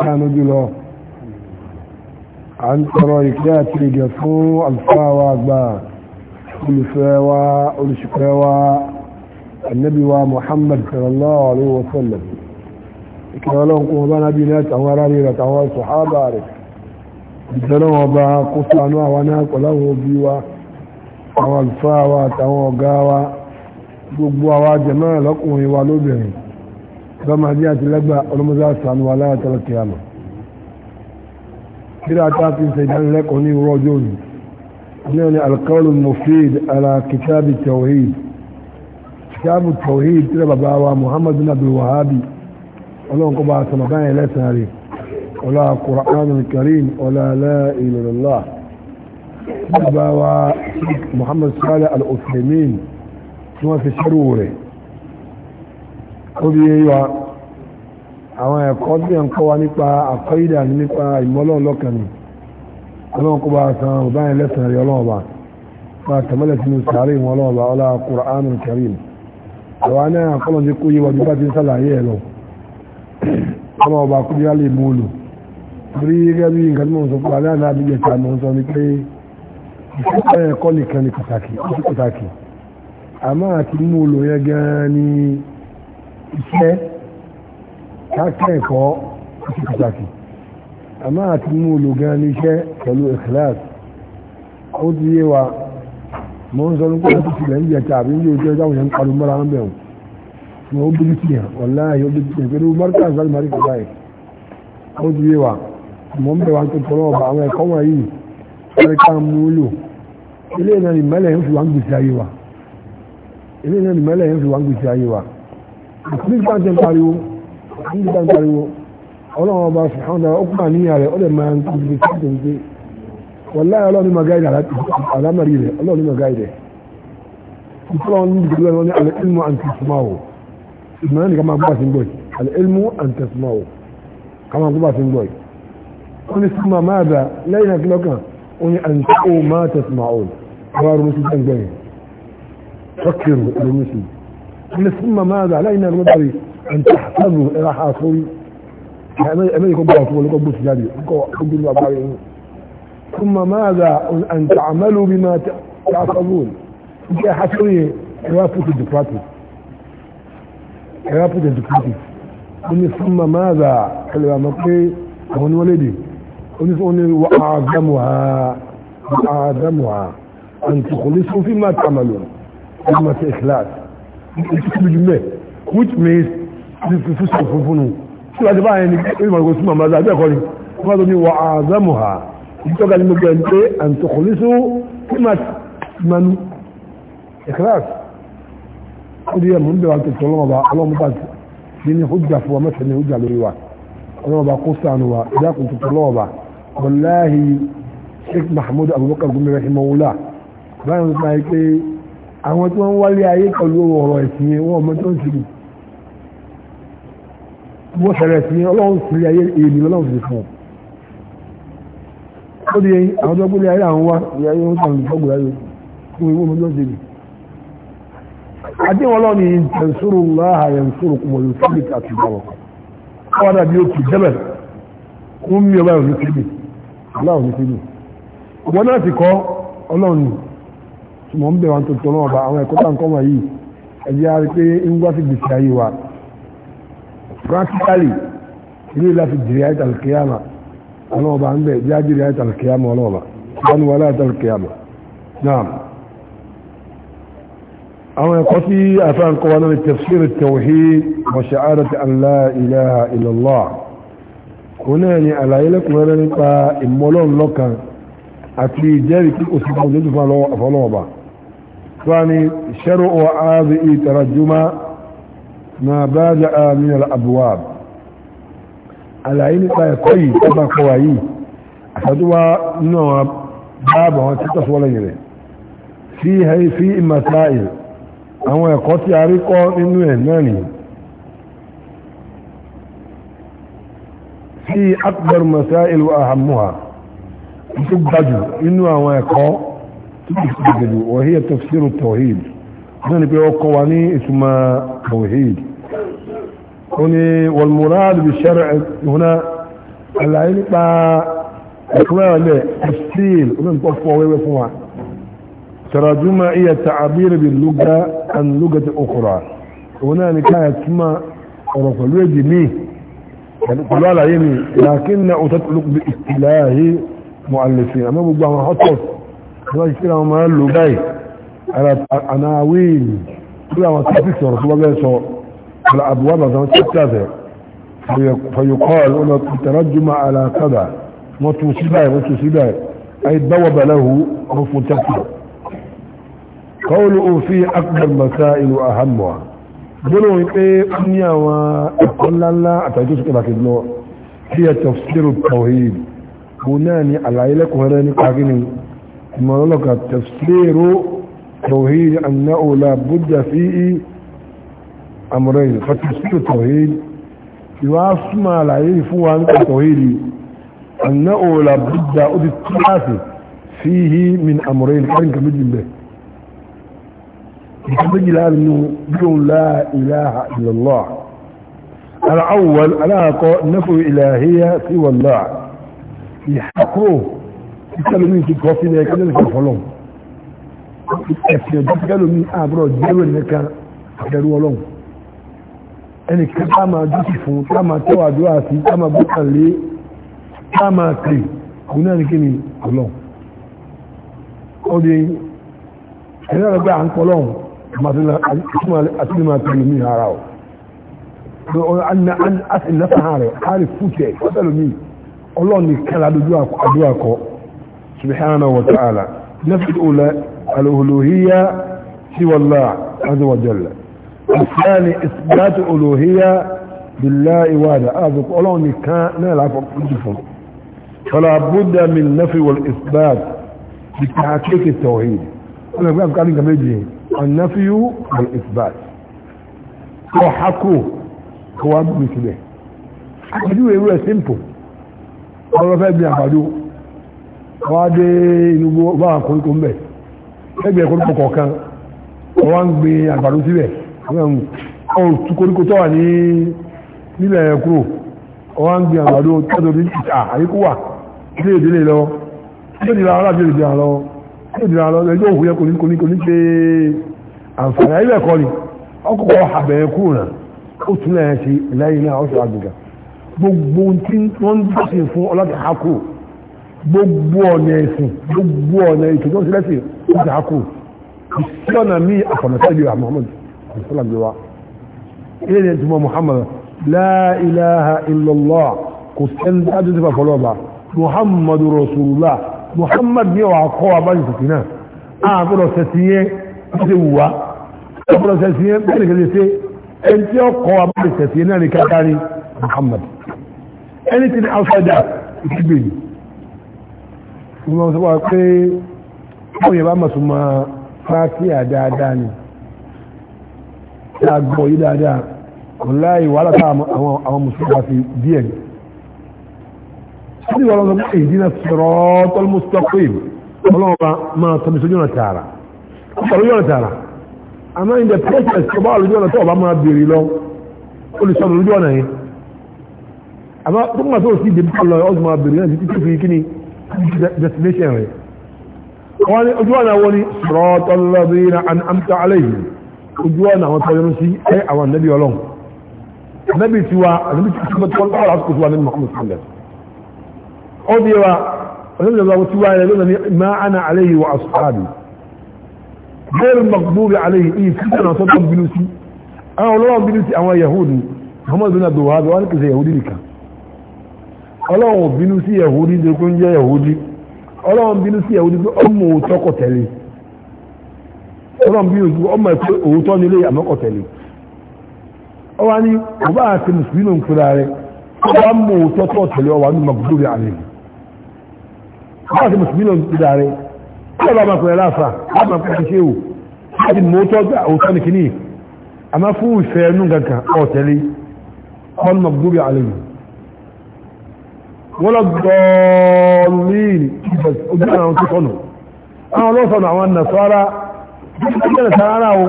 كانوا جلو عن ترايكات لجفو الفاوى أكبر الفاوى الشفاوى النبي ومحمد صلى الله عليه وسلم كانوا قوضان بنات أوراري لتعوى صحابة رك ìjọlọ́wọ́ ọba kó sánú àwọn ní àpọ̀láwọ̀ òbí wa àwọn àlùfáà wa àtàwọn ọ̀gá wa gbogbo àwa jẹ̀mọ́ ọ̀lọ́kùnrin wa lóbìnrin bama bí àti lágbà ọlọ́mọdá sànú aláyàtọ̀lọ́ kìámà bí a ta fi ṣe ìdánilẹ́kọ̀ọ́ ní ìwúrọ̀ ọjọ́ òní ní ọ̀nà alkaulu mufid ala kitabi tawhid kitabu tawhid tí bàbá wa muhammadu nabi wahabi ọlọ́nkọ́ bá sọ̀nà báyẹn lẹ́sàn rẹ̀ ọlá kùránù karim ọlá aláìlọ́lá bàbá wa muhammadu sallá al-usaimin tí wọ́n fi ṣẹ́rù orí wa àwọn ẹ̀kọ́ tí ẹ̀ ń kọ́ wa nípa àkọ́ídà nípa ìmọ́lọ́run lọ́kàn ni ọlọ́run kó bá san ọba yẹn lẹ́sàn rí ọlọ́run ọba máa tẹ̀mọ́lẹ̀ sínú sàárè wọn ọlọ́run ọlá Qur'anul Karim àwa náà kọ́lọ̀ ní kó yé wa nípa ti ń sàlàyé ẹ̀ lọ ọlọ́run ọba kó yá lè mú lò torí gẹ́gẹ́ bí nǹkan tí mo sọ fún wa náà láti jẹ̀ta mo sọ ni pé ìfẹ́ ẹ̀kọ́ nìkan ni pàtàkì àmọ́ àti mú lò yẹn gan-an ni iṣẹ́ káàkiri ẹ̀kọ́ ti pàtàkì àmọ́ àti mú olùgan ní iṣẹ́ pẹ̀lú ikhlas ó ti yé wa mọ́ ń sọ nípa ọdún tilẹ̀ ń jẹ tàbí ní ojú ọjọ́ àwọn yẹn ń parí mọ́ra ń bẹ̀rù ni ó bíbí ti hàn ọ̀la yóò bíbí ti hàn pẹ̀lú mọ́ríkà sáré mọ́ríkà báyìí ó ti yé wa mọ́ ń ilé náà mẹ́lẹ̀ ń fi wá ń gbèsè ayé wa nígbà tẹ́ ń pariwo nígbà ń pariwo ọlọ́run ọba ṣùgbọ́n dára ó kúrò àníyàn rẹ̀ ó lè máa ń kú ibi tí ó ń gbé wọ̀láyà ọlọ́run ma gáìdẹ̀ alámàrí rẹ̀ ọlọ́run ma gáìdẹ̀ ìfọ́lọ́run ní ìgbẹ̀lẹ́ wọn ní alẹ́ilmu ni súnmọ́ máa dà lẹ́yìn àkílọ́kàn wọ́n ni àǹtí ó máa tẹ̀símawo wọ́n من ثم ماذا علينا المدري أن تحفظوا إلى حاصري أمريكا بأسوا لكم بسجاري ثم ماذا أن تعملوا بما تحفظون إنك حاصري رافوت الدكراتي رافوت الدكراتي من ثم ماذا حلوة مقري هون ولدي ونسألني وأعظمها وأعظمها أن تخلصوا فيما تعملون كلمة إخلاص ìtìkúbi jù mẹ́ which means fífi fúsù funfun tí wàá ti bá ní ìmọ̀ ìgbésí màmá àti àbẹ́ẹ̀kọ́ ni wọ́n tó ní wà á ha ìtọ́ka ní gbogbo ẹni pé àǹtọ̀kọ̀lẹ́sọ kí máa manu ìkíláàsì ó di ẹ̀mú níbẹ̀ wà tó tọ́ lọ́mọba ọlọ́mọba ní ní hujja fún wa àwọn tí wọ́n wálé ayé pẹ̀lú ọ̀rọ̀ ẹ̀sìn wọn ọmọ tó ń sìnkú bó ṣẹlẹ̀ sí ọlọ́run sí ayé èdè ọlọ́run sí fún ó di àwọn tó gbélé ayé àwọn wá ìyá yóò sàn ìfọ́gbò ayé fún ìwé ọmọ tó ń sìnkú àdéhùn ọlọ́run ni ìtẹ̀sùrù láàá yẹn sùrù kùmọ̀ ló sí ìta àti ìbáwọ̀ wọ́n dàbí ó jẹ́bẹ̀ fún mi ọba ìròyìn síbi ọlọ́run síbi ọmọ mọ̀ ń bẹ̀ wọn tuntun náà bá àwọn ẹ̀kọ́ tàǹkọ́ wọ̀nyí ẹ̀jẹ̀ á rí pé ń wá sí gbèsè ayé wa practically ilé láti jìrì ayé tàlùkìyàmà ọlọ́ọ̀bà ń bẹ̀ jẹ́ àjìrì ayé tàlùkìyàmà ọlọ́ọ̀bà wọn wọlé ayé tàlùkìyàmà náà àwọn ẹ̀kọ́ tí àfẹ́ àǹkọ́ wọn lórí tafsir tawhid wa sha'arat an la ilaha illallah òun náà ni àlàyé lẹ́kùnrin nípa ìmọ̀lọ́ọ̀lọ́kan àti ìjẹ́rìí tí kò sí fún ọlọ́ọ̀bà ثاني شرع هذه ترجمة ما بدأ من الأبواب العين عين طيب كما قوائي أحدها نوع بابه تتصول إليه فيه في المسائل. أو يقول يعرق إنه يهناني في أكبر مسائل وأهمها تبجو إنه يقول وهي تفسير التوحيد هنا بيوقواني اسمها توحيد هنا والمراد بالشرع هنا العلم با اقرأ ليه تفسير هنا نتوفوا ويوفوا تراجمة هي تعبير باللغة عن لغة أخرى هنا نكاية اسمها رفع الوجه ميه يعني قلوا على يمي لكن أتطلق بإستلاه مؤلفين أما بقى ما حطوا wọ́n ṣe àwọn máa lò báyìí àná àwíìlì bí àwọn tàbíkì ọ̀rọ̀ tó wọ́n sọ àbúwá bàtà wọn tẹ́tẹ́ fayokọ́ọ̀l ọ̀nà ìtàrájúmọ̀ àlàkádà wọ́n tún sí báyìí wọ́n tún sí báyìí kọ́ọ̀lù òfin akbar ìlú ahamuwa gbọ́nà wọn pé ó ní àwọn ẹ̀kọ́ ńláńlá àtàjọ́ sí kẹfàkì lọ kí ẹ tafsiru tawhid òun náà ni àlàyé lẹ́kùnrin nípa ملك تفسير توحيد أنه لا بد فيه أمرين فتفسير التوحيد لا العلم عن التوحيد أنه لا بد أدي الثلاثة فيه من أمرين كان كمجل به كمجل أنه لا إله إلا الله الأول ألاقى نفو إلهية سوى الله يحقوه ìkẹlòmí ti kọ́ sílẹ̀ ìkẹlòmí ti kọ́ lọ́wọ́ ẹ̀fẹ̀ ìkẹlòmí àbúrò jẹ́rò nìkan àtẹrù ọlọ́wọ́ ẹnì kan tá máa dúkì fún tá máa tẹ́wà àdúrà sí tá máa gbọ́kà lé tá máa tè kò náà ní kí ni ọlọ́wọ́ ó di ẹ̀rọ rẹ̀ pé à ń kọ́ lọ́wọ́ àti máa tẹ̀lómí ara ọ̀ àti ìnáfà rẹ̀ á rí fúkẹ̀ ọlọ́ọ̀ni kẹ́lá lójú àdúrà kọ́ سبحانه وتعالى نفس الأولى الألوهية سوى الله عز وجل الثاني إثبات الألوهية بالله وعلى هذا قولون كان لا فلا بد من النفي والإثبات بتحقيق التوحيد أنا بقى قال لك بيجي النفي والإثبات وحكوا هو أبو مثله أبو يقول سيمبل الله فاهم يعملوه wọ́n á dé inú bá wọn koríko ń bẹ̀ ẹgbẹ́ koríko kọ̀ọ̀kan wọ́n ń gbin àgbàdo síbẹ̀ wọ́n tú koríko tó wà ní nílẹ̀ kúrò wọ́n ń gbin àgbàdo tẹ́tọ̀ ní ìta àyíkú wà ilé ìdílé lọ ilé ìdílé àwọn aláàbí ìdílé àlọ́ ilé ìdílé yẹ kò ní kò ní kò gbogbo ọ̀nà ẹ̀sìn gbogbo ọ̀nà ìtòjọ́ sílẹ̀sì ó ti hákù sí ọ̀nà mí àfọ̀nàtẹ́lì Muhammad ìsọ́làgbéwá ilé ni ẹ̀tùmọ̀ Muhammad la ilaha illallah kò sẹ́ni dájú sí fàfọ́lọ́ba Muhammad rasulullah Muhammad ní ọ̀wà kọ́ wa báyìí náà a gbọ́dọ̀ sẹ́sì ó ti wù a gbọ́dọ̀ sẹ́sì bẹ́ẹ̀ ni kẹ́lẹ́ ẹni tí ó kọ́ wa báyìí sẹ́sì yẹn náà ni kákárí Muhammad anything outside that is ni wọ́n sọ wọ́n pé wọ́n yẹ bá mọ̀sùn ma fátíà dáadáa ni tí a gbọ́ yí dáadáa kò láì wàhálà tá àwọn mùsùlùmí wá sí díẹ̀ ni wọ́n lọ́wọ́ sọ ìdínà siratal mustaqim ọlọ́wọ́ máa tọ́mi sójú ọ̀nà tààrà ọ̀pọ̀lọ́ yọ̀nà tààrà àmọ́ in the process tó bá wà lójú ọ̀nà tó ọba máa bèèrè lọ olùsọ̀rọ̀ lójú ọ̀nà yẹn àmọ́ tó tó sí ìdèbí lọ ọ̀sùn máa bèèrè náà títí tó fi kíni destination rẹ̀ wọ́n ní ojú ọ̀nà wọ́n ní sọ̀rọ̀tọ̀ lọ́bí na amta aláìyí ojú ọ̀nà àwọn tọ́jú sí ẹ àwọn ànábì ọlọ́run ànábì tí wa ànábì tí wọ́n tọ́jú ọ̀rọ̀ àsìkò tí wà nínú Muhammad sallẹ̀ ó di wa ànábì ọlọ́run tí wà yẹn lónìí ma ana aláìyí wa ashabi bẹ́ẹ̀rù magbóbi aláìyí ìyí tí wọ́n tọ́jú bínú sí àwọn ọlọ́run bínú sí àwọn yahudi Muhammad bin abdulwahab wọn kì ọlọ́run bínú sí yahudi ní kó ń jẹ́ yahudi ọlọ́run bínú sí yahudi pé ọmọ òótọ́ kọ̀ tẹ̀lé ọlọ́run bínú sí ọmọ ẹ̀ pé òótọ́ nílé àmọ́ tẹ̀lé ọ ní ọba àti mùsùlùmí ń pera rẹ ọba mọ òótọ́ tọ̀ tẹ̀lé ní magudu rẹ àlè ọba àti mùsùlùmí ń ọba ọba wọ́n lọ gbọ́ọ̀lìn ojú àwọn tó sọ́nà àwọn ọlọ́sọ̀nà àwọn nàṣọ́ra ìjọba sàárà o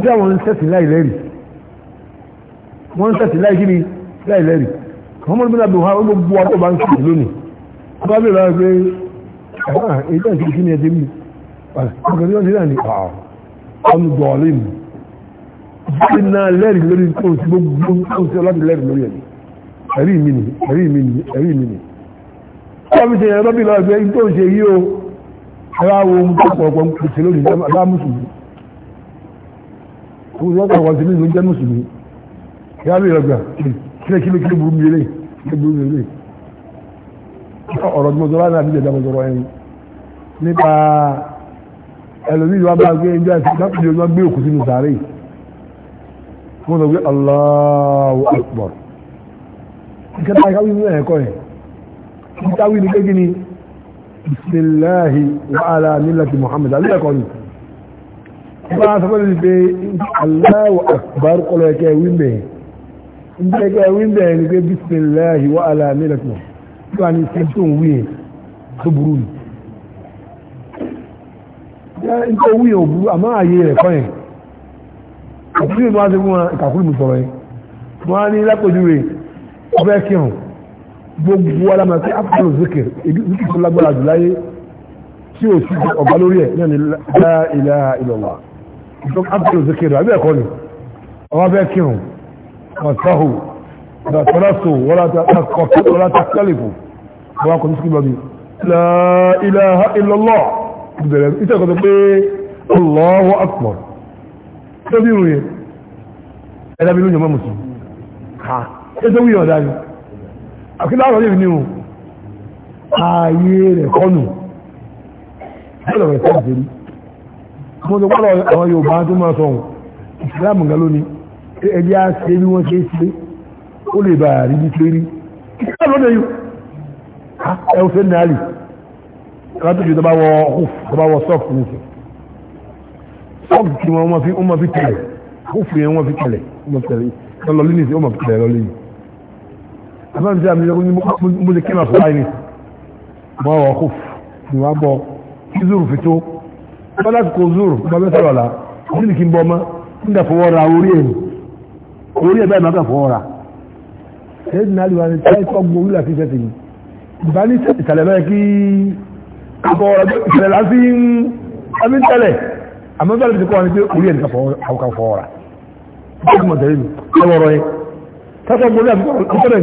tí àwọn ń sẹ́sì láìlẹ́rì wọ́n ń sẹ́sì láìkiri láìlẹ́rì wọ́n mọ́ nígbà bíi wọ́n gbogbo ọkọ̀ bá ń sọ lónìí wọ́n bá bèèrè pé ah, èyí tàn kí ni ẹ ti mú ọkọ̀ tí wọ́n ti rà ní ah, lórí kóòtù gbogbo kóòtù ọlọ́dún lẹ́rì lórí ẹ̀mí ẹ̀rí mi nì ẹ̀rí mi nì ẹ̀rí mi nì ọmọ ìṣẹ̀yẹ lọ́bí lọ ẹgbẹ́ tó ṣe yí o ara wo ń bá pọ̀pọ̀ pèsè lónìí bá mùsùlùmí ó wọ́n pọ̀ wọ́n sí nínú jẹ́ mùsùlùmí ìyá mi ọgbà kílẹ̀ kílẹ̀ kílẹ̀ burú mi lè kílẹ̀ burú mi lè ọ̀rọ̀ mọ̀sọ̀rọ̀ náà bíjẹ̀ dámọ̀sọ̀rọ̀ ẹni nípa ẹlòmíì wa bá gbé ẹjọ́ àti dákùnrin wọn gbé òkú sínú sàárè wọn sọ pé Allahu Akbar nǹkan tá a káwí nínú ẹ̀kọ́ yẹn nǹkan táwí ni kéjì ni bisimilahi wa ala milati muhammad àbí ẹ̀kọ́ ni bá a sọ́kọ́ ní pé Allahu akbar kọlọ ẹ̀kẹ́ wíńbẹ̀ nǹkan ẹ̀kẹ́ wíńbẹ̀ ni pé bisimilahi wa ala milati muhammad tí wàá ní sẹ́ńtò ń wí yẹn tó burú ni nǹkan wí yẹn ò burú àmọ́ àyè rẹ̀ kọ́ yẹn àti bí mo bá ṣe fún wa ìkàkùn mi sọ̀rọ̀ yẹn mo á ní lápòjú rẹ̀ ọbẹ̀ kírun gbogbo alamọ̀ sí afro zikir zikir tó lágbára jù láyé tí o sì ọ̀gá lórí ẹ̀ náà ni la ilaha illallah ìtọ́ afro zikir àbí ẹ̀kọ́ ni ọbẹ̀ kírun ọ̀sáhù ọ̀dàtọ́lásò wọ́lá takálìfò àwọn akọ̀ní sí kíbọ̀bí la ilaha illallah ìbẹ̀rẹ̀ ìtẹ́kọ̀tọ̀ pé Allahu akbar tó bí ìròyìn ẹ̀dàbí ló yẹ mọ́ mùsùlùmí ètò wí ọ̀dá ni àkíláwọ̀ lè ní ohun ààyè rẹ̀ kọ́nù ẹ̀rọ rẹ̀ kọ́nù sí rí mo tó pọ́lọ̀ àwọn Yorùbá tó máa sọ ìsìlámù gan lónìí ẹjẹ́ á ṣe bí wọ́n ṣe é ṣe ó lè bá rí bí ṣe rí ìsìlámù lónìí ẹ̀rọ fẹ́ nàálì látòjú tó bá wọ ọkùn tó bá wọ sọ́ọ̀kù nìkan sọ́ọ̀kù tí wọ́n fi tẹ̀lẹ̀ kófù yẹn wọ́n fi tẹ̀lẹ̀ lọ́lọ́lí nìkan wọ́n fi tẹ̀lẹ̀ lọ́lọ́lí àbẹ́rẹ́ tí a mi yọkùn ní mo lè kí ma fún báyìí mọ́ wọ́n kò fún wa bọ́ kí zuru fi tó bọ́lá kò zuru bọ́ bẹ́ sọ̀rọ̀ la kò ní kí n bọ́ ma ń dà fọwọ́ ra orí ẹ̀ orí ẹ̀ báyìí má kà fọwọ́ ra ṣé ní alìwà ni táyì kọ́ gbó wíwà fi fẹ́sẹ̀ yìí ìbá ní ìtàlẹ̀ báyìí kí kọ́ ìtàlẹ̀ láti ń tẹ́lẹ̀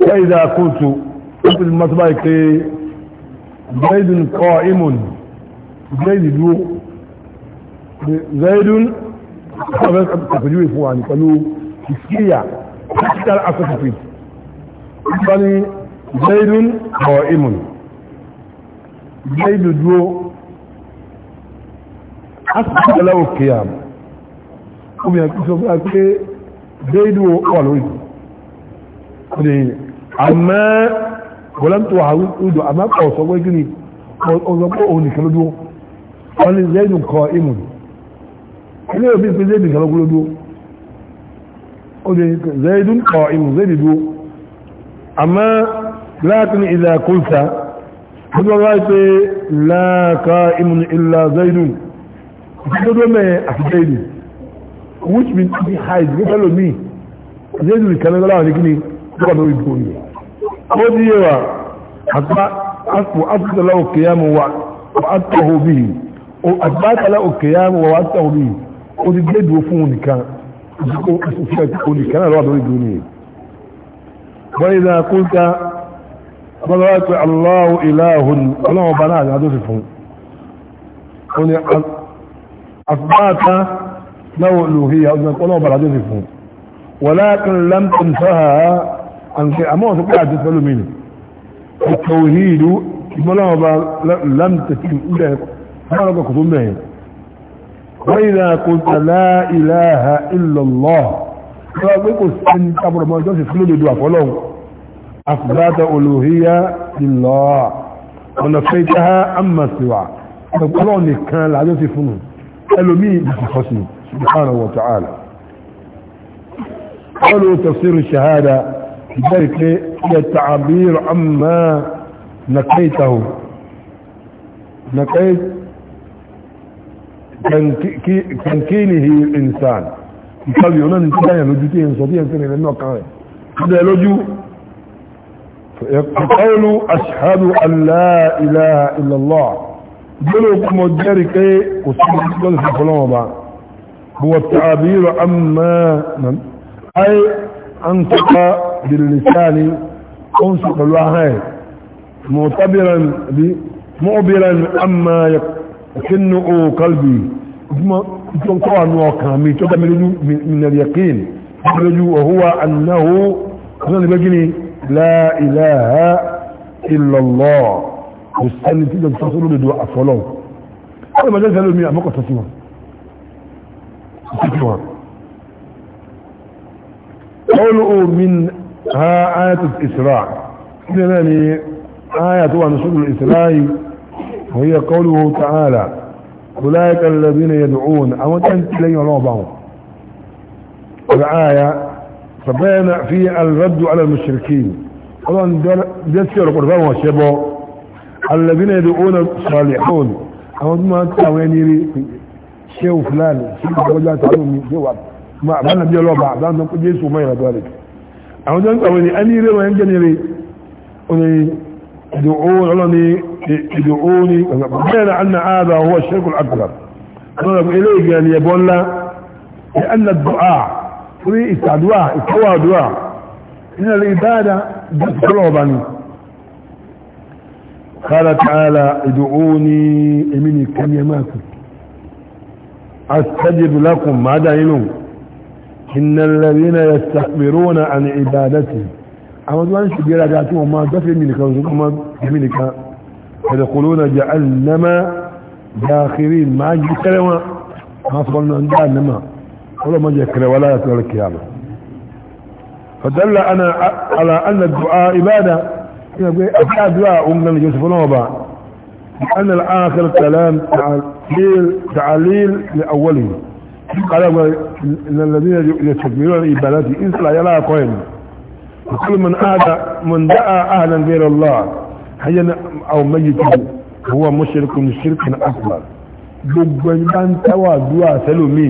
وإذا كنت قلت المطبعك زيد قائم زيد دو زيد تفجوه فواني قالوا تسكية تسكية الأسفل قال زيد قائم زيد دو أسفل له القيام وبيان كسوف أكي زيد وقالوا قال àmọ́ gọ́láńtò àwọn ìdò àmọ́ kọ̀ sọ pé kí ni ọ̀sọ̀pọ̀ òun nìkan ló dúró wọ́n ní zaidu kọ imun ilé òbí pé zaidu nìkan ló dúró ó dé zaidu kọ imun zaidu dúró àmọ́ láàkín ìlà kúlta ó dúró láì pé láàkà zaidu ìdúró mẹ́ àti zaidu which means to be high nípa lómi zaidu nìkan ló dúró duka lórí gbòòrò ó ní yẹwà àgbà àpò àtúntàlá òkè yá mu wa àtúntàwò bí àgbà àtàlá òkè yá mu wa àtúntàwò bí ó ti dé dúró fún nìkan ìdíkó ìfẹ́ ìdíkó nìkan náà lọ́wọ́ lórí gbòòrò yìí wọ́n yìí àfibáta náà lòhíyà ọjọ́ ọlọ́wọ́ bá sí fún wọ́lá kan lámpin sáà àǹkẹ́ àmọ́ ọ̀sán pé àti sọ́lọ́ mi nì ọ̀tọ̀ òní ìlú ìmọ́láwọ̀ bá lámtẹ̀sí ilẹ̀ ọlọ́gbà kò tó mẹ́rin wáyìlá kò tàlá ìlàhà ìlọ̀lọ́ ọ̀rọ̀ pé kò sí ní tábọ̀rọ̀ mọ́ ìjọ́sìn fún lódodo àfọ́lọ́ àfùgbàtà olóhíyá ìlọ́ ọ̀nà fẹ́ jáhá àmàsíwà ọ̀pọ̀lọ́ nìkan làjọ́sìn fún ẹlòmíì ìfọ̀sìn subhanahu wa ta'ala قالوا تفسير الشهاده ذلك هي التعبير عما نقيته نقيت تنكينه الإنسان قال يونان انتباه لجوتيه صديا كان لأنه قائل هذا لجو يقول أشهد أن لا إله إلا الله قالوا كما وصول وصدق في فلان هو التعبير عما أي أنتقى باللسان انس بالواحد معتبرا مؤبرا اما يكن قلبي ثم تنقوى نوكا من اليقين يرجو وهو انه بجني لا اله الا الله والسنة تيجي تصلوا لدعاء فلو انا ما جالس قالوا مين عمقوا تسمع تسمع قولوا من ها آية الإسراء إذن آية عن سورة الإسراء وهي قوله تعالى أولئك الذين يدعون أو أنت لي ربهم الآية فبين في الرد على المشركين طبعا جسر قربان وشبه الذين يدعون الصالحون أو ما تاويني شيء فلان شيء فلان تعلمني شيء ما بنا بيلو بعض أنا كنت يسوع ما يرد ذلك àwọn jẹ́ ń pàwọn ní ẹni rẹ̀ wọ́n jẹ́ ní rẹ̀ oní ìdòó ọlọ́ni ìdòó ní bẹ́ẹ̀rẹ̀ anna ààbà wọ́n ṣẹ́kùn akbar ọlọ́rọ̀ ilé ìgbẹ̀ ni ẹbọ ńlá ní anna dùá fún ìtàdùá ìkọwàdùá iná lè dáadáa dùkọ́lọ̀ ọba ni kára tààlà ìdòó ní èmi nìkan ní ẹmọ́ àkùn إن الذين يستكبرون عن عبادتي أما دوان شبيرا جاتهم ما دفع منك وما منك يقولون جعلنما داخرين ما كلمة ما صبرنا عن جعلنما ولا ما كلمة ولا يتلو الكيامة فدل أنا على أن الدعاء عبادة أبقى دعاء أمنا يوسف نوبا لأن الآخر كلام تعليل, تعليل لأوله قال إن الذين يستكبرون عبادتي إن صلى يلا قائم وكل من أهدى من دعا أهلا غير الله حيا أو ميتا هو مشرك شركا أكبر gbogbo ẹgbẹ́ ń tẹ́wà dúwà sẹ́lòmí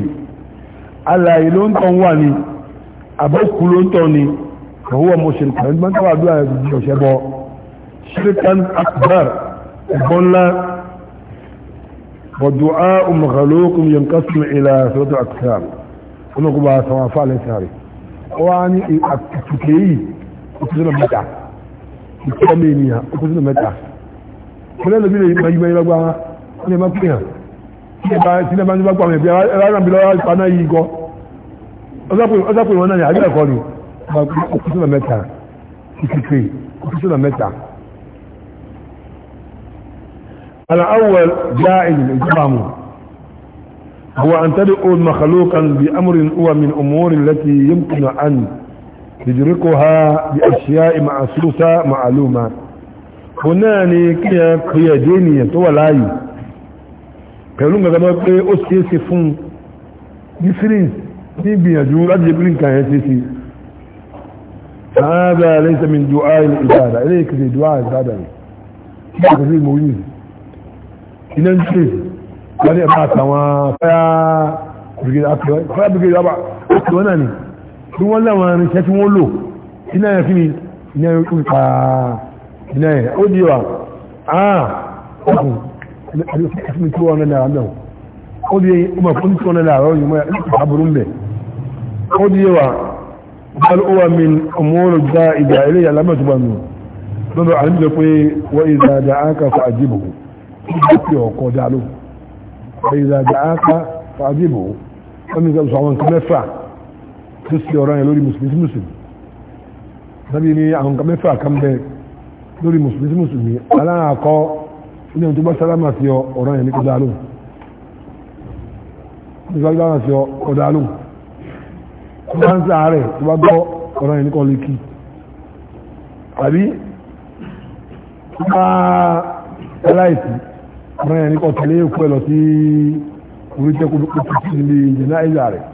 aláì ló ń tàn wà ní àbẹ́kù ló ń tàn ní ọwọ́ mọ̀ṣẹ̀lùkà ẹgbẹ́ ń tẹ́wà dúwà ọ̀ṣẹ́bọ̀ ṣíríkà akbar ẹ̀gbọ́n ńlá ودعاء مخلوق ينقسم إلى ثلاثة أقسام ونقول بها سواء فعل ساري وعني أكتكي أكتنا متع أكتمينيها أكتنا متع كلا نبيل ما يما يلقى أنا ما فيها sínú bá ń bá pàmì ìbíra ẹ̀rọ bí lọ́wọ́ ìpaná yìí gọ́ ọjọ́ pé wọn náà ní àjọ ẹ̀kọ́ ni ọkùnrin mẹ́ta ìkìkì ọkùnrin mẹ́ta الأول جائز الإجرام هو أن تدعو مخلوقا بأمر هو من أمور التي يمكن أن تدركها بأشياء معصوصة معلومة هناني كي كي ديني تو لاي كلون غدا بي اوسي سي فون ديفرين دي بي اجو راجي هذا ليس من دعاء العباده اليك دي دعاء العباده دي غزي موين iná ń ṣe wọ́n ní ẹ̀bá àtàwọn fire brigade ọba àtàwọn náà ni tí wọ́n láwọn irinṣẹ́ tí wọ́n lò iná yẹn kí ni iná yẹn kí pa iná yẹn ó di wa ah ọkùn ẹni tí wọ́n náà náà ó di ọmọ fún tí wọ́n náà náà rọrùn mọ́ àbúrú ń bẹ̀ ó di wa bal uwa min umuru da ìgbà ilé yàrá mẹ́tùbà nù lọ́dọ̀ àlejò pé wọ́n ìdá ìgbàtí ọkọ̀ dálò ìrìnàjà áká fàájìbò ọmọdé sọ àwọn nǹkan mẹ́fà tó sì ọ̀rọ̀ yẹn lórí mùsùlùmí mùsùlùmí lábí ní àwọn nǹkan mẹ́fà kan bẹ lórí mùsùlùmí mùsùlùmí aláàkọ́ ní ọjọ́ bá sálámà sí ọ̀rọ̀ yẹn ní kó dálò ìgbàgbà sí ọkọ̀ dálò wọ́n ń sàárẹ̀ tó bá gbọ́ ọ̀rọ̀ yẹn ní kọ́ lè kí àbí aláìsí ọ̀rọ̀ yẹn ní kọ́ tẹ̀lé èkó ẹ̀ lọ sí orí tẹ́kù pípẹ́ níbi ìjìnlá ìlà rẹ̀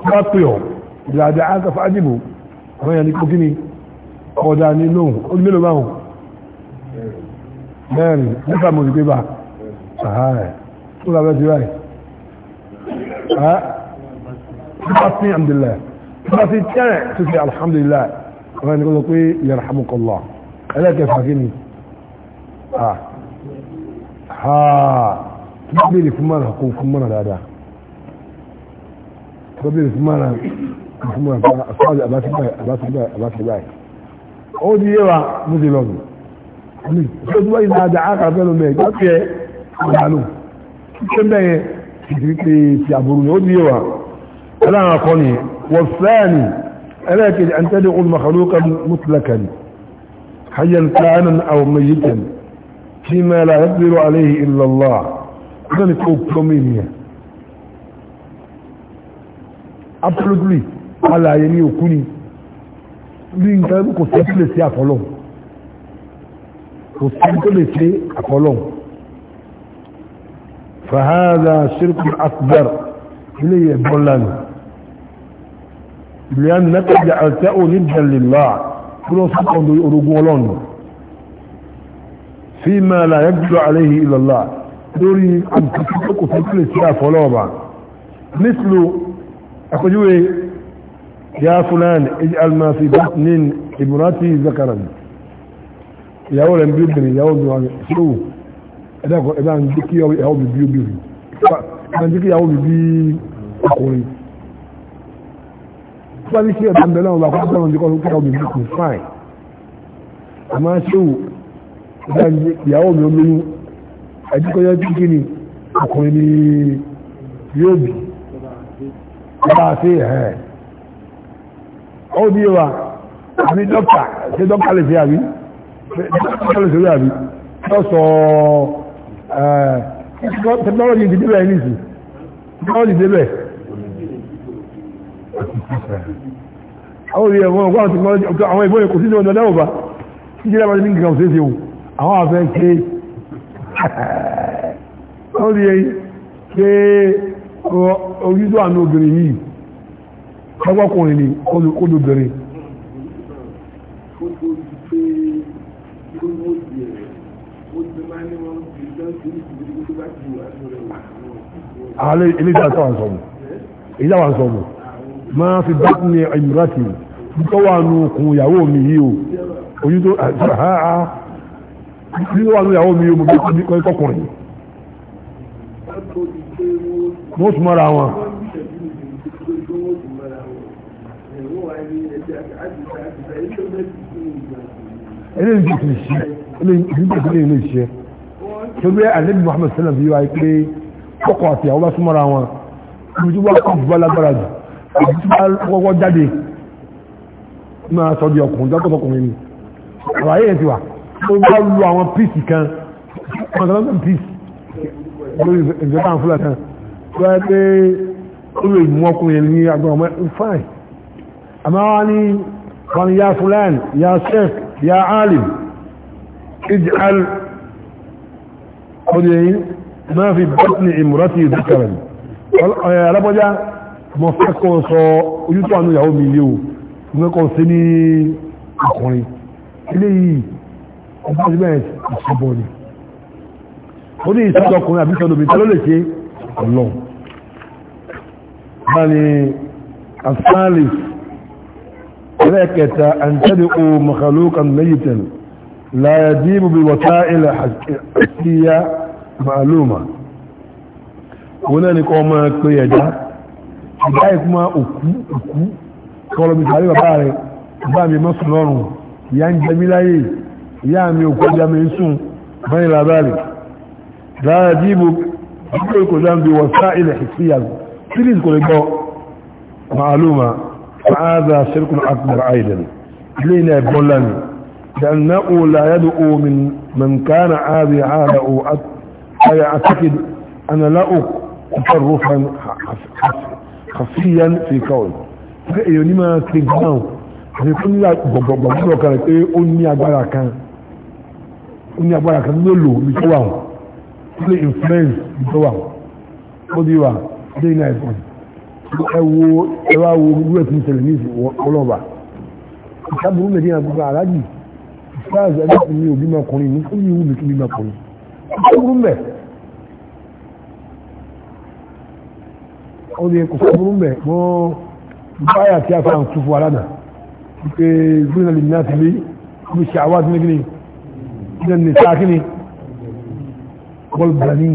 tí wọ́n pè ọ́ ìlàjà àgàfà àjìbò ọ̀rọ̀ yẹn ní kó kí ni ọ̀dà ní lóhùn ó ní mélòó báwọn mẹ́rin nípa mo sì pé bá ṣàhárẹ̀ tó lábẹ́ ti ráì nípa sí àmdìlẹ̀ nípa sí tẹ́rẹ̀ tó fi alhamdulillah ọ̀rọ̀ yẹn ní sọ pé yarhamukallah ẹlẹ́kẹ̀ẹ́fà kí ni ha kí bèrè fún mọ́ra kó fún mọ́ra dáadáa kó bèrè fún mọ́ra kó fún mọ́ra fáwọn àbáṣe báyìí àbáṣe báyìí àbáṣe báyìí ó di yé wa mo ti lọ bù ní tó tó báyìí náà dáa kàfẹ́ ló mẹ́ ìgbà tiẹ̀ ọ̀dàlù kíkẹ́ bẹ́ẹ̀ kìkì pé ti àbúrò ni ó di yé wa aláwọn akọni wọ́n fẹ́ẹ̀ ni ẹlẹ́ẹ̀kejì àǹtẹ́dẹ́ olùmọ̀kàlù kan mutlakan hayyan kanan aw mayitan فيما لا يقدر عليه إلا الله إذن كوب كومينيا absolutely ala ayé ní òkú ni bí nǹkan kò sí tó lè ṣe àfọlọ́n kò sí tó lè ṣe àfọlọ́n fàhádà ṣírkù akbar ilé ẹ̀bọ́n lánàá ìlú yánà lẹ́kọ̀ọ́ jẹ́ lè láà kúrò sí ọ̀dọ̀ orogún ọlọ́run فيما لا يقدر عليه إلا الله دوري عن كتبك وفكر السلاف ولوبا مثل أخجوه يا فلان اجعل ما في بطن ابنتي ذكرا يا أولا بيبني يا أولا شو إذا عندك يا أولا بيبني عندك يا أولا بيبني Fọ́líṣẹ́ ìdánbẹ̀lọ́wọ́ àkọ́kọ́ ọ̀dọ́rùn-ún kí ọdún kí ọdún kí ọdún fine. A máa ṣe ìyàwó mi olóyún ẹ̀díkọ́jọ́ tí kí ni ọkùnrin ni yóò bí ọba àti ẹ̀ ó ní wa àmì dọ́kà ṣe dọ́kà lè fi àbí dọ́kà lè sórí àbí tó sọ technology ti débẹ̀ ní ìsìn technology débẹ̀ àwọn ìyẹ̀wọ̀n ọgbọ́n technology àwọn ìbọn ìkòsí ní ọjọ́ náà ọba ìjẹ́lẹ̀ bá ti ní nǹkan òṣèṣe ohun àwọn afẹ́ ké ó rí ẹyí pé orílẹ̀ àmì obìnrin yìí ọgbọ́kùnrin ni olùbìnrin ààrẹ iléjáwà sọ̀rọ̀ ìjáwà sọ̀rọ̀ máa fi bá ní ìmúrátì tó wà nù kún ìyàwó mi yìí o ojú tó àjíhàá bí wọ́n ní ìyàwó mi yóò mú bí kọ́ ìkọkùnrin wọ́n tún mọ́ra wọn. eléyìí ti ti ṣe eléyìí ti ti lè ṣe torí alẹ́bí Muhammad sallam fi wáyé pé kọ́kọ́ àti àwọn bá tún mọ́ra wọn ibi tí wọ́n kọ́ bá lágbára jù àti tí wọ́n kọ́kọ́ jáde máa sọ di ọkùnrin jákòtọkùnrin ni àlàyé yẹn ti wà ó bá lu àwọn píìsì kan ọ̀sán píìsì lórí ìjọba àwọn fúlàtà tó ẹ pé ó lè mú ọkùnrin ní agbọn ọmọ fine àmọ́ wọ́n ní wọ́n ya fulan ya sheikh ya alim ij'al ọdún máa fi bọ́tìnì ìmúrọ́tì ìdúkàrẹ̀ alábọ́já mọ̀ fẹ́kọ̀ọ́ sọ ojútọ́ àánú ìyàwó mi yíò mẹ́kọ̀ọ́ sí ní ọkùnrin eléyìí embarrassment ìṣẹ́bọ̀ ni ó ní ìṣẹ́jọ ọkùnrin àbí ìṣẹ́jọ obìnrin tẹ́lọ́ lè ṣe ọlọ́run bá ní asalis ẹlẹ́kẹta àǹtẹ́dẹ̀ o makhlukan mayitan la yajibu bí wọ́tá ilẹ̀ àkíyà ma'aluma wọn náà ni kọ́ máa pé ẹ̀dá ẹ̀dá ìyá mi ò kọjá mi ń sùn báyìí labari lára jíìbù ọjọ́ ìkọjá ń bi wọ sá ilẹ̀ ìsíyà sílìs kò lè gbọ́ màálùmá fa'áza akbar aidan ilé iná ẹ̀bọ́n lánì لأنه لا يدعو من من كان عاذي عاده يعتقد أن لا تصرفا خفيا في كون فإيه لما تنقلوا àti tó ní gbọ̀gbọ̀gbọ̀ kan pé ó ní agbára kan ó ní agbára kan ló lò ní tó wà wọn ó lè influence ní tó wà wọn ó di wa dé iná ẹ̀fọn ẹ wo ẹ wá wo wíwẹ̀ tó ń tẹ̀lé ní ọlọ́ba ìṣàbùrù mẹ́tí náà gbogbo aláàjì ìṣáàzì ẹgbẹ́ mi ò bímọ ọkùnrin ní fún yíwú mi kí bímọ ọkùnrin ìṣàbùrù mẹ́ ó ní kò sábùrù mẹ́ wọ́n báyà tí a fà ń tu fún wa lánàá pé gbé náà lè ní àtìlé ó ṣe àwọn àtìlẹ́gbẹ̀rẹ́ ilẹ̀ ní sákìní bọ́lbàní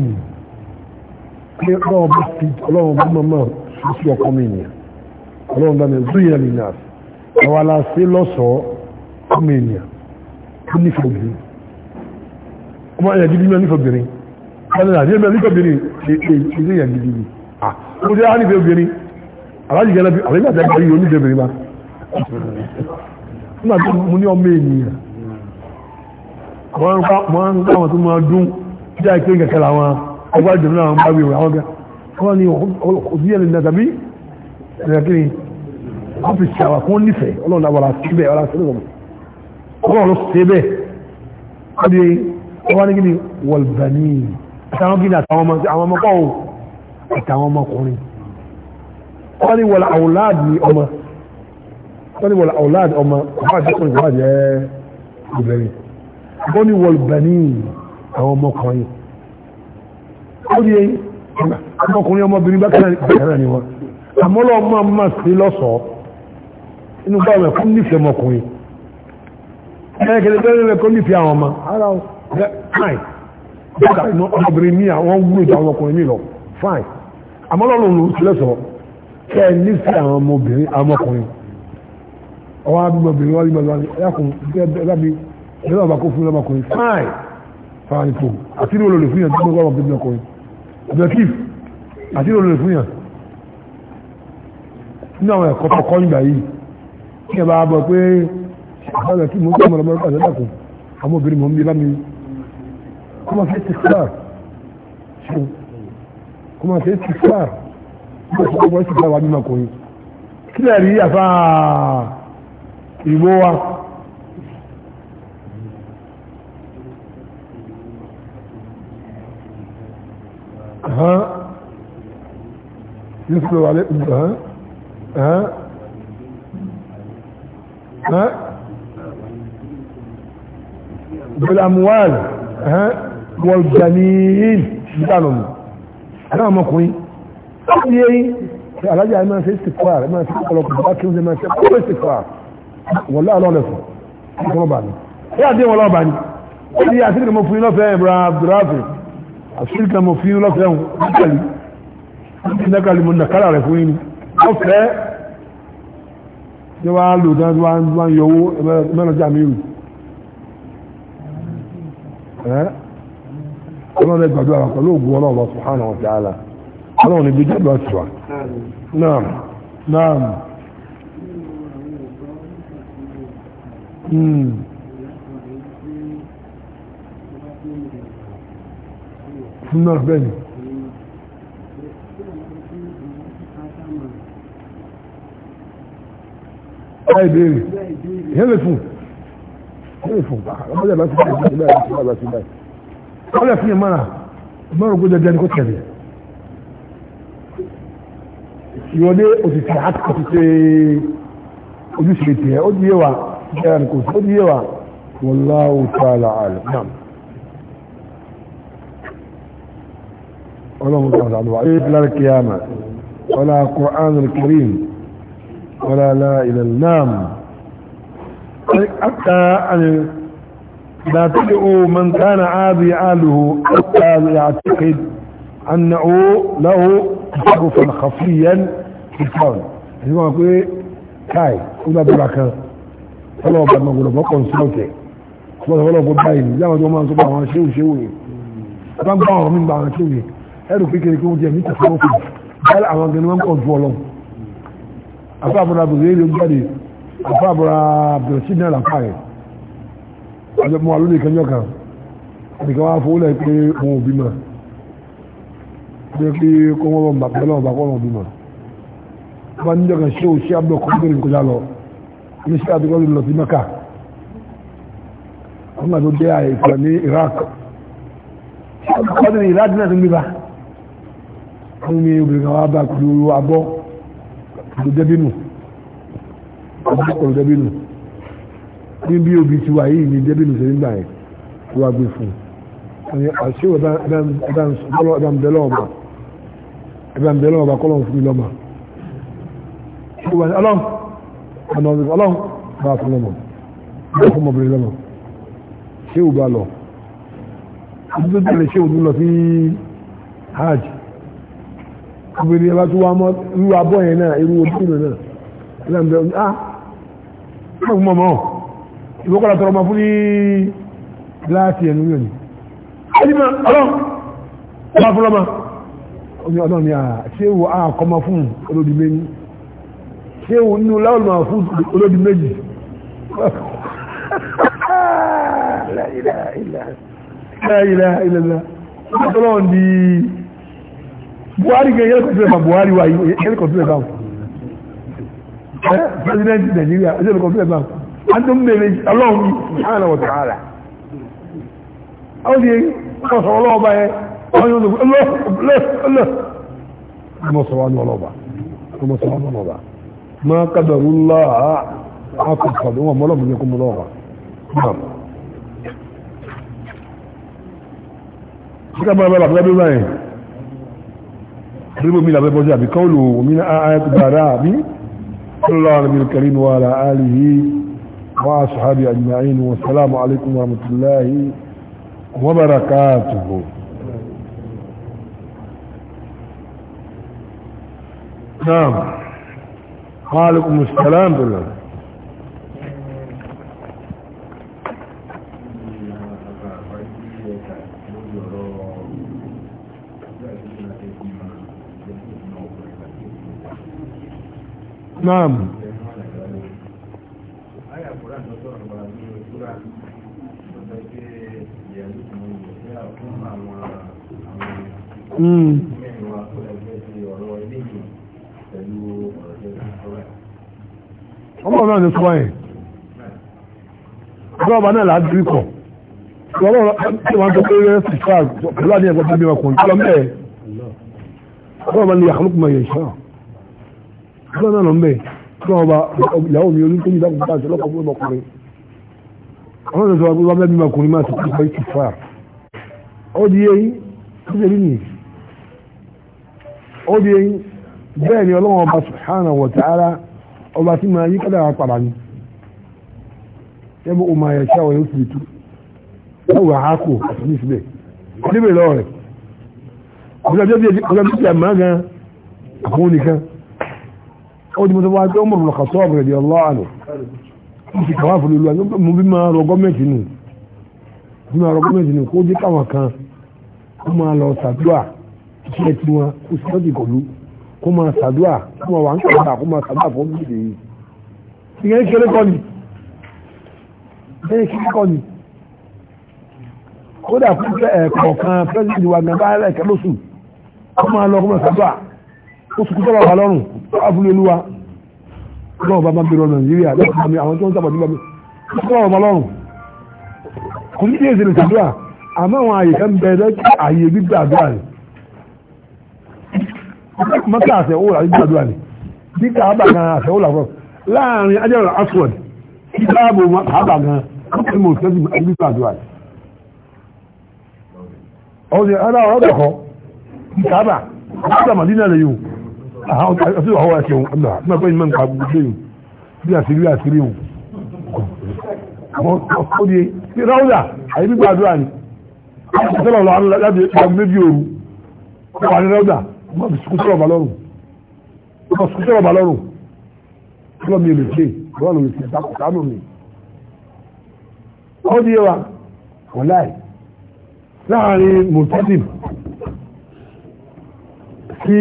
pé ọlọ́run bá fi ọlọ́run bá mọ́mọ́ sí ọkọ mi ènìyàn ọlọ́run bá mi zúyẹ̀ lè nà àwọn aláṣẹ lọ́sọ̀ọ́ ọmọ ènìyàn tó nífẹ̀ẹ́ obìnrin ọmọ ẹ̀yà gidi mẹ́rin nífẹ̀ẹ́ obìnrin ọmọ ẹ̀yà gidi mẹ́rin nífẹ̀ẹ́ obìnrin ṣe ẹ̀yà gidi ni ó jẹ́ ànífẹ́ obìnrin alájì gẹ́gẹ́ bí àlejò àti ẹgbẹ̀rún yóò nífẹ̀ẹ́ obìnrin ma mo ní ọmọ ènìyàn wọ́n ń káwọn tó máa dún tí a kí n kẹ̀kẹ́ àwọn ọgbà ìdùnnú àwọn bá wíwẹ̀ àwọn gẹ́ wọ́n ni òbíyẹ̀ lè nàtàbí ẹ̀rẹ́kìnrin ọ́fíìsì àwọn kún nífẹ̀ẹ́ ọlọ́run àwọn àṣíbẹ̀ ọlọ́run sílẹ̀ ọlọ́run ló ṣe bẹ́ẹ̀ ọdí ọwọ́ ní gíní wọ̀lbẹ̀ní àtàwọn ìbẹ̀rẹ̀ wọ́n ni wọ̀lbẹ̀ní àwọn ọmọkùnrin ó di ọmọkùnrin ọmọbìnrin bákẹ́rẹ̀ ni wọ́n àmọ́lọ́ ọmọ ọmọ sí lọ́sọ̀ọ́ inú bá ọmọ ẹ̀kọ́ nífẹ̀ẹ́ ọmọkùnrin ẹ̀kẹ́lẹ́ bẹ́ẹ̀rẹ̀ ẹ̀kọ́ nífẹ̀ẹ́ àwọn ọmọ ara ọ̀rẹ́ fine bọ́ọ̀dà inú ọmọbìnrin ní àwọn wúlò ju àwọn ọkùnrin mi lọ fine àmọ́lọ́ ọ̀rọ̀ ló ti lọ́sọ̀ọ́ kẹ́ ẹ nífẹ̀ẹ́ àwọn ọmọbìnrin àwọn ọmọkùnrin ọwọ́ abúgbọ̀bìnrin wọ́n rí mọ́ ìlú ọba kó fún ọmọkùnrin fáì fáì fò àti ìlú olóòlù fún yàn tó gbọ́ ọmọkùnrin ọkùnrin objectif àti ìlú olóòlù fún yàn nínú àwọn ẹ̀kọ́ tó kọ́ ìgbà yìí kí ẹ bá bọ̀ pé àbájọ kí mo ń tọ́mọ̀ lọ́mọ ọ̀sẹ̀ dàkùn àwọn obìnrin mọ̀ ń bí lámi kó máa ṣe ti fúlà kó máa ṣe ti fúlà kó máa ṣe ọgbọ́n ti fúlà wà nínú ọkùnrin kí lè àfáà ìbò wa. ها يتلو عليكم ها ها ها بالاموال ها والجنين بتاعهم انا ما كوني ايه alájà máa ṣe ìsìnkúwàrẹ̀ máa ṣe ọ̀pọ̀lọpọ̀ bá kí ó ṣe máa ṣe ọ̀pọ̀ ìsìnkúwàrẹ̀ wọ́n láàrín ọ̀lẹ́fọ̀ ọ̀pọ̀lọpọ̀ ní ẹ̀ àdéhùn ọlọ́ọ̀bà ni ó di àṣírí mọ́ fún iná fẹ́ ẹ̀bùrà abdulrafi àṣíríkà mọ̀ fi lọ́fẹ́ hùn níkàlì níkàlì mọ̀ nàkàrà rẹ̀ fún yìí lọ́fẹ́ tí wá lò dáa tí wá ń yọ owó mẹ́rànjá mírù ọlọ́run ẹgbàdúrà wà pẹ̀lú ògùn ọlọ́run bá subhanahu wa ta'ala ibi jẹ́gbà tí náà súnà bẹ́ẹ̀ ni. láì béèrè ìyẹn lè fún ìyẹn lè fún ah, ọmọdé bá ti bá ti bá ti bá ti bá ọlọ́ fún yẹn mọ́ra mọ́ra ogójì ẹgbẹ́ ni kò tẹ̀lé ìwọlé òtítì àtúntò ojúṣe tiẹ̀ ó di yé wa ọlọ́run kan sàlùwà ìpìlẹ̀ kìyàmà ọlá Qur'an al-Karim ọlá ilẹ̀ nam aka an la tad'u man kana abi aluhu hatta ya'taqid annahu lahu tasarrufan khafiyan fi kawn ni wa pe kai una bi bakan ọlọ́run ba mo gbọ́dọ̀ consult e ko ọlọ́run ko báyìí ya wa do ma so ba wọn ẹrù kékeré kí wọ́n jẹ́ mítà fún òkú báyìí àwọn gẹ̀ẹ́ni wọ́n kọ̀ fún ọlọ́run afáàbọ̀ra bèrè èrè jáde afáàbọ̀ra bẹ̀rẹ̀ sí náírà fáyẹ̀ ọjọ́ mọ́ alóde kẹjọ kan nìkan wá fowó lẹ́yìn pé wọn ò bímọ pé kí kó wọ́n bọ̀ bàbá lọ́wọ́ bàbá wọn ò bímọ bá níjọ kan ṣé o ṣé abúlé kọ́ bẹ̀rẹ̀ nìkọjá lọ ní ṣé àdúgbò lọ sí mẹ́kà wọ́n gbà tó dé àìsàn ní Iraq ṣé àdúgbò ní Iraq náà ti ń gbé bá wọ́n ní obìnrin kan wá bá pẹ̀lú abọ́ olùdẹ́bínú olùdẹ́bínú ní bí obì ti wà yìí ní dẹ́bínú ṣe nígbà yẹn tó wá gbé fún un àṣewọ̀ ẹ̀dàǹbẹ̀lọ́ ọ̀bà ẹ̀dàǹbẹ̀lọ́ ọ̀bà kọ́lọ̀ fún mi lọ́mà ọlọ́run ọlọ́run bá fún lọ́mọ bá fún ọmọbìnrin lọ́mọ ṣé ò lọ ọdún tó tẹ̀lé ṣé ò lọ sí hajj obìnrin ẹbá tó wá mọ́ irú abọ́ yẹn náà irú ojúlò náà ìlànà ah ẹ̀kùn mọ́mọ́ ìwọ́kọ̀lá tọrọ ma fún ní gíláàsì ẹ̀nu yóò ní alima ọlọ́n ọba fúnlọ́mà omi ọlọ́n ni ah, ṣé wo a ah, kọ́mọ fún olódi méjì ṣé wo nínú láwọn máa fún olódi méjì ilẹ̀ ilẹ̀ ilẹ̀ ilẹ̀ ilẹ̀ ilẹ̀ buhari gẹ yẹ́lẹ́kọ̀tún ma buhari wa yẹ́lẹ́kọ̀tún ẹ̀fà president nigeria yẹ́lẹ́kọ̀tún ẹ̀fà antum bèèrè ọlọ́run ṣáàlá wọ̀tọ̀ ààlà ọdí ọ̀sọ̀ ọlọ́ọ̀bá ẹ ọlọ́ọ̀bá ma qadarullah akọ̀kọ̀dún wọn mọ́lọ́mù yẹ kó mú lọ́ọ̀bá Ṣíkà bá bá bá bá bí báyìí. ربو ميلا ببوزا بقوله ومن آيات بارابي صلى الله عليه الكريم وعلى آله وأصحابه أجمعين والسلام عليكم ورحمة الله وبركاته نعم وعليكم السلام بالله naam Mm. ọmọ náà ni sọ ẹ̀ ọlọ́ọ̀bá náà láàájú kọ̀ ọlọ́ọ̀bá tó pé rẹ̀ sí fáà pẹ̀lú àdíyàn pẹ̀lú àdíyàn ọkùnrin tọ́lọ́mẹ́ ọlọ́ọ̀bá ni yàkùnlùkùnmọ̀ yẹ̀ ṣáà lọ́nà lọ mbẹ́ kí wọ́n ìyàwó mi olú tó ní ìdákùn bá fún ọmọkùnrin àwọn wọ́n bí ọkùnrin máa ti kọ́ ìtì ó di eyín ó di eyín bẹ́ẹ̀ ni ọlọ́wọ́n ọba ọba tí máa yí wà ni yẹ́bù ọmọ ayẹ̀ṣẹ́ àwọn yóò fi àti ní ọjọ́ bí i gan ó di mo tó wá pé Umar ibn Khattab radiyallahu anhu ó ti kàwá fún olúwa mo bí máa rọ gọ́ọ̀mẹ̀ntì nù bí máa rọ gọ́ọ̀mẹ̀ntì nù kó jẹ́ káwọn kan kó máa lọ sàdúà iṣẹ́ tí wọn kó sì lọ́dì kọ̀lú kó máa sàdúà kó máa wà ń kàdà kó máa sàdúà fún bíbélì yìí. ìyẹn kéré kọ́ ni ìyẹn kéré kọ́ ni kódà fún ẹ̀kọ̀ọ̀kan eh, pẹ́sìtì wa gbàgbá ẹ̀kẹ́ lóṣù ó fi wà lọ́rùn abúlélúwa lọ́wọ́ bá bá bèrè ọ̀nà nàìjíríà láti bá mi àwọn tó ń sábà nígbà mi kúkọ́ wà lọ́rùn kò ní díẹ̀ sílẹ̀ sàdúrà àmọ́ àwọn àyè kan àyè gbígbà àdúrà ni mọ́tà àṣẹ ó rà gbígbà àdúrà ni nígbà àbà gan àṣẹ ó rà láàrin ajẹ́rọ̀ aswad mọ́ àti ọwọ́ ẹ̀kẹ́ òun ọ̀nà náà pẹ́ ìmọ̀ nǹkan gbogbo yìí bí àṣírí àṣírí òun àwọn òde ní ráúdà àyè gbígbà àdúrà ni ìṣẹ́lẹ̀ ọ̀la láti ìgbàgbọ́ méjì òru wà ní ráúdà wọ́n fi sùkú sọ̀rọ̀ balọ́rùn wọ́n sùkú sọ̀rọ̀ balọ́rùn lọ́ mi lè ṣe lọ́wọ́ lórí ti sánú mi ó di wa wọ́n láì láàrin mọ̀tẹ́tìm sí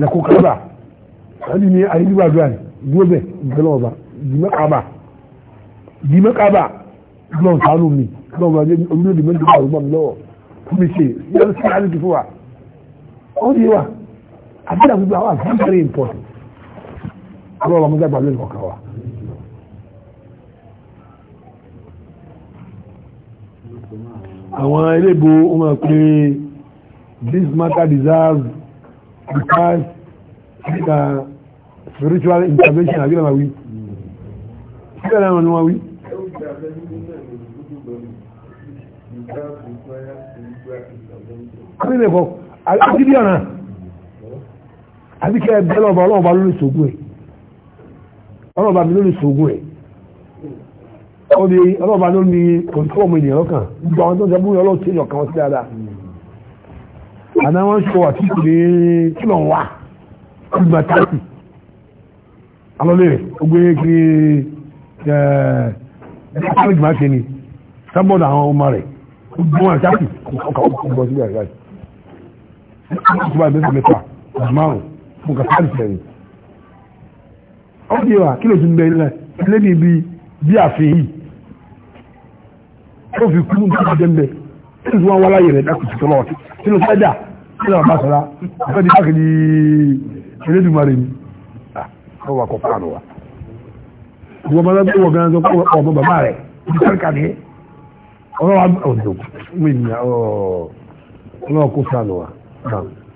lẹ́kọ̀ọ́ kábà wọ́n ní ayélujára àdúrà ní dúró bẹ̀ gbẹ́lọ́ ọba dìmọ́ kábà dìmọ́ kábà lọ́n sánú mi lọ́n wọ́n olúdó dìmọ́ dìmọ́ àrùgbọ́n mi lọ́wọ́ fún mi ṣe yẹn sí àdúgbò fún wa ó di wa àbúrò àgbègbè àwọn àti very important ọlọ́run ọmọdé àgbàlẹ́ nìkan wa. àwọn elébo wọn pe this matter deserves because the spiritual intervention àbí lọ́wọ́ wí síbẹ̀ náà ni wọ́n kí ẹ̀kọ́ ọ̀nà àbíkẹ́ ẹgbẹ́ ọlọ́ọ̀bà lórí ṣògùn ẹ̀ ọlọ́ọ̀bà lórí ṣògùn ẹ̀ ọlọ́ọ̀bà lórí kòtò ọmọ ènìyàn lọ́kàn tó ń ọlọ́ọ̀tí sí àná wọ́n ṣe wà títí lé kílọ̀ ń wá gbígbà táàtì alọ́lẹ̀ rẹ̀ ó gbé kiri ẹ̀ẹ́dẹ́gbẹ́ kálíjì máa ṣe ni sábọ́ọ̀dù àwọn ọmọ rẹ̀ ó gbé wọn táàtì ọkà ó bọ̀ síbi àgbà yìí ó ti bá ẹgbẹ́ mẹ́ta márùn fún kà táàtì rẹ̀ ó ti wà kí ló ti ń bẹ ilẹ̀ lẹ́ni bí bí àfihàn yìí ó fi kú ní ọjọ́ ń bẹ tí wọ́n wá láyé rẹ̀ dákùtù tó lọ́wọ́ tí ló fẹ́ dà kí lọ́wọ́ bá sọ́ra ọ̀fẹ́ di báàkì ní elédùnmarè ni ọ ah, wà kọ́ fáànù wa ìwọ bá lọ́gbẹ́ wọ̀ gan-an sọ ọmọ bàbá rẹ̀ ibi sáré ní ọlọ́wọ́ ọ̀dọ̀